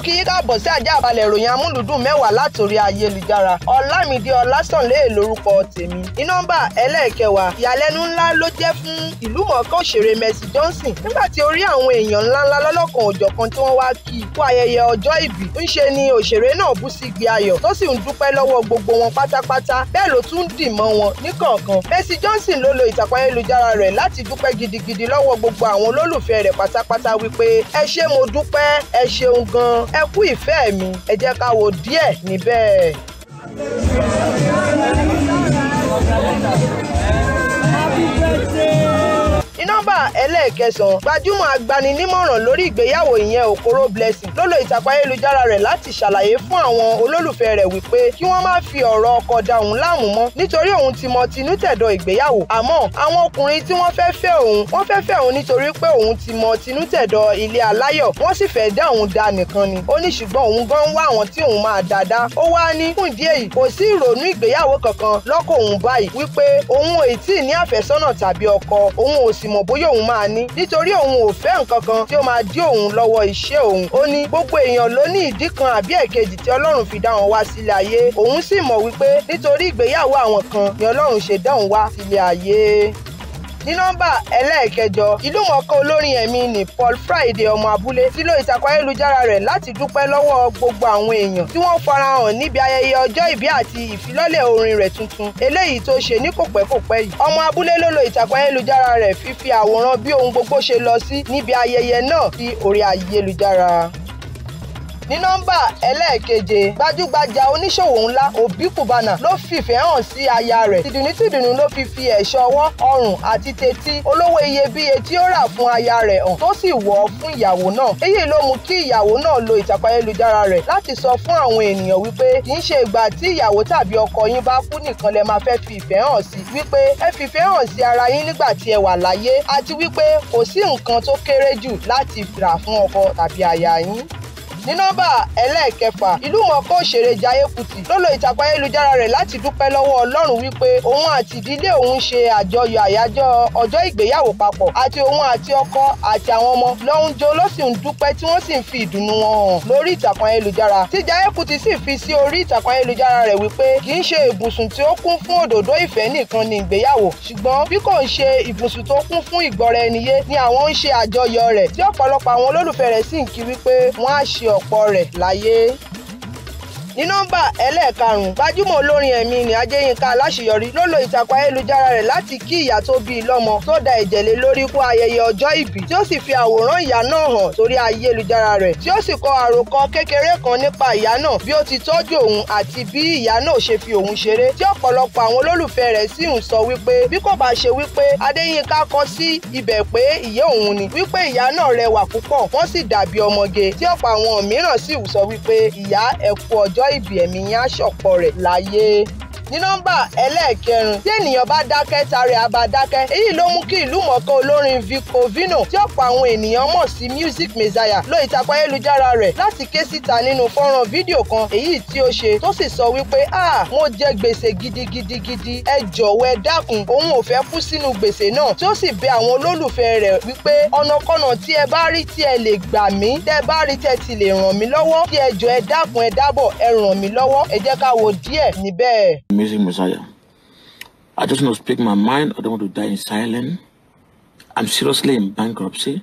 mo kí yín káàbọ̀ sí àjàbalẹ̀ ìròyìn amúlùdùn mẹ́wàá látòrí ayélujára ọlámídé ọlásànlẹ̀ lórúkọ tèmi ní nọ́mbà ẹlẹ́ẹ̀kẹwàá ìyàlẹ́nu ńlá ló jẹ́ fún ìlú mọ̀ọ́ká òṣèré Mercy Johnson nígbà tí orí àwọn èèyàn ńláńlá lọ́lọ́kan òjọ̀kan tí wọ́n wá kí i kú ayẹyẹ ọjọ́ ìbí ńṣe ni òṣèré náà bú sí ibi ayọ̀ tó sì ń dúpẹ́ lọ́wọ́ gbogbo wọn pátápátá bẹ́ẹ̀ ló tún dì mọ́ wọn níkọ̀ọ̀kan Mercy Johnson ló lo ìtàkùn ayélujára rẹ̀ láti dúpẹ́ gidigidi lọ́wọ́ gbogbo àwọn olólùfẹ́ rẹ̀ pátápátá wípé ẹ ṣé mo dúpẹ́ ẹ ṣeun gan ẹ kú ìfẹ́ mi ẹ jẹ́ ká wo díẹ̀ níbẹ̀. Happy birthday! nọ́mbà ẹlẹ́ẹ̀kẹsàn-án gbajúmọ̀ agbaninímọ̀ràn lórí ìgbéyàwó ìyẹn Okoro Blessing ló lo ìtàkùn ayélujára rẹ̀ láti ṣàlàyé fún àwọn olólùfẹ́ rẹ̀ wípé kí wọ́n má fi ọ̀rọ̀ ọkọ da òun láàmú mọ́ nítorí òun ti mọ tinú tẹ̀dọ̀ ìgbéyàwó àmọ́ àwọn ọkùnrin tí wọ́n fẹ́ fẹ́ òun wọ́n fẹ́ fẹ́ òun nítorí pé òun ti mọ tinú tẹ̀dọ̀ ilé aláyọ̀ wọ́n sì fẹ́ dá òun da nìkan ni ó ní ṣùgbọ́n òun gan wá àwọn tí òun máa dáadáa ó wá ní fún ìdí èyí kò sí ìrònú ìgbéyàwó kankan lọ́kọ̀ òun báyìí wípé òun ò tí ì ní àfẹ́sọ́nà tàbí ọkọ òun ò sì mọ̀ bóyá òun máa ní nítorí òun ò fẹ́ nǹkan kan tí ó máa dí òun lọ́wọ́ iṣẹ́ òun ó ní gbogbo èèyàn ló ní ìdí kan àbí ẹ̀kejì tí ọlọ́run fi dá wọn wá sílé ayé òun sì mọ̀ wípé nítorí ìgbéyàwó àwọn kan ni ọlọ́run ṣe dá òun wá sílé ayé ní nọ́mbà ẹlẹ́ẹ̀kẹjọ ìlúmọ̀ọ́ká olórin ẹ̀mí ni Paul Friday ọmọ abúlé ti lo ìtàkùn ayélujára rẹ̀ láti dúpẹ́ lọ́wọ́ gbogbo àwọn èèyàn tí wọ́n farahàn níbi ayẹyẹ ọjọ́ ìbí àti ìfilọ́lẹ̀ orin rẹ̀ tuntun eléyìí tó ṣe ní kòpẹ́kòpẹ́ yìí ọmọ abúlé ló lo ìtàkùn ayélujára rẹ̀ fífi àwòrán bí ohun gbogbo ṣe lọ sí níbi ayẹyẹ náà sí orí ayélujára ní nọ́mbà ẹlẹ́ẹ̀keje gbajúgbajà oníṣòwò ńlá Obi Cubana ló fìfẹ́ hàn sí aya rẹ̀ tìdùnnú tìdùnnú ló fi fi ẹ̀ṣọ́ ọwọ́ ọrùn àti tètí olówó iyebíye tí ó rà fún aya rẹ̀ hàn tó sì wọ̀ ọ́ fún ìyàwó náà èyí ló mú kí ìyàwó náà lo ìtàkùn ayélujára rẹ̀ láti sọ fún àwọn ènìyàn wípé kì í ṣe ìgbà tí ìyàwó tàbí ọkọ yín bá kú nìkan lẹ máa fẹ́ fi ìfẹ́ hàn sí wípé ẹ fi ìfẹ́ hàn sí ara yín nígbà tí ẹ wà láyé àti wípé kò sí nǹkan tó kéré jù láti rà fún ọkọ tàbí aya yín ní nọ́mbà ẹlẹ́ẹ̀kẹfà ìlúmọ̀ọ́ká òṣèré Jayé Kùtì ló lo ìtàkùn ayélujára rẹ̀ láti dúpẹ́ lọ́wọ́ Ọlọ́run wípé òun àti ìdílé òun ṣe àjọyọ̀ àyájọ́ ọjọ́ ìgbéyàwó papọ̀ àti òun àti ọkọ àti àwọn ọmọ ló ń jó ló sì ń dúpẹ́ tí wọ́n sì ń fi ìdùnnú wọn hàn lórí ìtàkùn ayélujára tí Jayé Kùtì sì fi sí orí ìtàkùn ayélujára rẹ̀ wípé kì í ṣe ìbùsùn tí ó kún fún òdòdó ìfẹ́ nìkan ni ìgbéyàwó ṣùgbọ́n bí kò ń ṣe ìbùsùn tó kún fún ìgbọ́ra ẹniyé ni àwọn ń ṣe àjọyọ̀ rẹ̀ tí ọ̀pọ̀lọpọ̀ àwọn olólùfẹ́ rẹ̀ sì ń kiri pé wọ́n á ṣe ọ̀ ọ̀pọ̀ rẹ̀ láyé ní nọ́mbà ẹlẹ́ẹ̀karùn-ún gbajúmọ̀ olórin ẹ̀mí ni Adéyínká Aláṣeyọrí ló lo ìtàkùn ayélujára rẹ̀ láti kí ìyá tó bí i lọ́mọ tó da ẹ̀jẹ̀ lé lórí kú ayẹyẹ ọjọ́ ìbí tí ó sì fi àwòrán ìyá náà hàn sórí ayélujára rẹ̀ tí ó sì kọ àròkọ kékeré kan nípa ìyá náà bí ó ti tọ́jú òun àti bí ìyá náà ṣe fi òun ṣeré tí ọ̀pọ̀lọpọ̀ àwọn olólùfẹ́ rẹ̀ sì ń sọ wípé bí kò bá ṣe wípé Adéyínká kọ sí ibẹ̀ pé ìyá òun ni wípé ìyá náà rẹwà púpọ̀ wọ́n sì dàbí ọmọge tí ọ̀pọ̀ àwọn mìíràn sì sọ wípé ìyá ẹ kú ọjọ́ ìbí ẹ̀mí yín á ṣọ̀pọ̀ rẹ̀ láyé ní nọ́mbà ẹlẹ́ẹ̀kẹrin tí ènìyàn bá dákẹ́ tari àbá dákẹ́ èyí ló mú kí ìlú mọ̀ọ́ká olórin Vico Vino tí ọ̀pọ̀ àwọn ènìyàn mọ̀ sí music messiah lo ìtàkùn ayélujára rẹ̀ láti ké síta nínú fọ́nrán fídíò kan èyí tí ó ṣe tó sì sọ wípé ah mo jẹ gbèsè gidigidigidi ẹ jọ̀wọ́ ẹ dákun òun ò fẹ́ kú sínú gbèsè náà tí ó sì bẹ àwọn olólùfẹ́ rẹ̀ wípé ọ̀nàkọ́nà tí ẹ bá rí tí ẹ lè gbà mí tẹ bá rí tẹ ti lè ràn mí lọ́wọ́ kí ẹ jọ ẹ dákun ẹ dábọ̀ ẹ ràn mí lọ́wọ́ ẹ jẹ́ ká wo díẹ̀ níbẹ̀. amazing Messiah. I just want to speak my mind. I don't want to die in silence. I'm seriously in bankruptcy.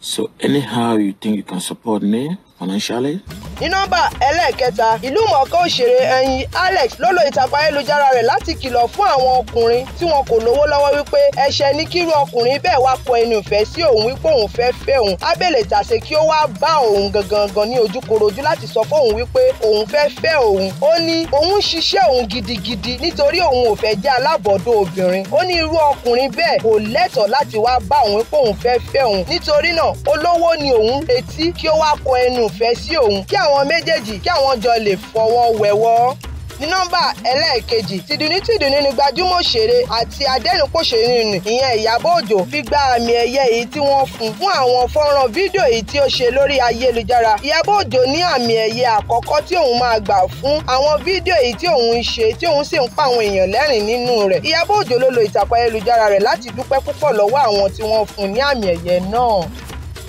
So anyhow you think you can support me, Ọ̀nàṣálé. ní nọ́mbà ẹlẹ́ẹ̀kẹta ìlú mọ̀ọ́ká òṣèré ẹyin Alex ló lo ìtàkùn ayélujára rẹ̀ láti kìlọ̀ fún àwọn ọkùnrin tí wọn kò lówó lọ́wọ́ wípé ẹ̀ṣẹ̀ ní kírú ọkùnrin bẹ́ẹ̀ wá kọ ẹnu ìfẹ́ sí òun wípé òun fẹ́ fẹ́ òun abẹ́lẹ̀ tàṣe kí ó wá bá òun gangan gan ní ojúkorojú láti sọ fún òun wípé òun fẹ́ fẹ́ òun ó ní òun ṣiṣẹ́ òun gidigidi nítorí òun ò fẹ́ jẹ́ alábọ̀dọ̀ obìnrin ó ní irú ọkùnrin bẹ́ẹ̀ kò lẹ́tọ̀ọ́ láti wá bá òun wípé òun fẹ́ fẹ́ òun nítorí náà olówó ni òun retí kí ó wá kọ ẹnu fẹ́ sí òun kí àwọn méjèèjì kí àwọn jọ lè fọwọ́ wẹ̀wọ́ ní nọ́mbà ẹlẹ́ẹ̀kejì tìdùnnítìdùnnú ni gbajúmọ̀ òṣèré àti adẹ́nupọ̀ṣẹ́ni nì ìyẹn Ìyábọ̀ Òjó fi gba àmì ẹ̀yẹ èyí tí wọ́n fún fún àwọn fọ́nrán fídíò èyí tí ó ṣe lórí ayélujára Ìyábọ̀ Òjó ní àmì ẹ̀yẹ àkọ́kọ́ tí òun máa gbà fún àwọn fídíò èyí tí òun ń ṣe tí òun sì ń pa àwọn èèyàn lẹ́rìn nínú rẹ̀ Ìyábọ̀ Òjó ló lo ìtàkùn ayélujára rẹ̀ láti dúpẹ́ púpọ̀ lọ́wọ́ àwọn tí wọ́n fún ní àmì ẹ̀yẹ náà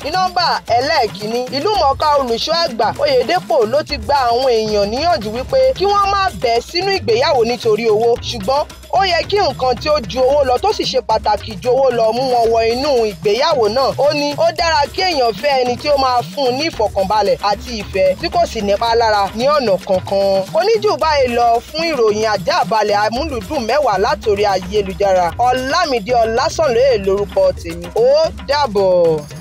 ní nọ́mbà ẹlẹ́ẹ̀kínní ìlúmọ̀ọ́ká olùṣọ́ àgbà Oyèdépò ló ti gba àwọn èèyàn níyànjú wípé kí wọ́n má bẹ̀ sínú ìgbéyàwó nítorí owó ṣùgbọ́n ó yẹ kí nǹkan tí ó ju owó lọ tó sì ṣe pàtàkì ju owó lọ mú wọn wọ inú ìgbéyàwó náà ó ní ó dára kí èèyàn fẹ́ ẹni tí ó máa fún un ní ìfọ̀kànbalẹ̀ àti ìfẹ́ tí kò sì nípa lára ní ọ̀nà kankan kò ní jù báyìí lọ fún ìròyìn àjábalẹ̀ amúlùdùn mẹ́wàá látòrí ayélujára Ọlámídé Ọlásànlóye lórúkọ tèmi ó dàbọ̀.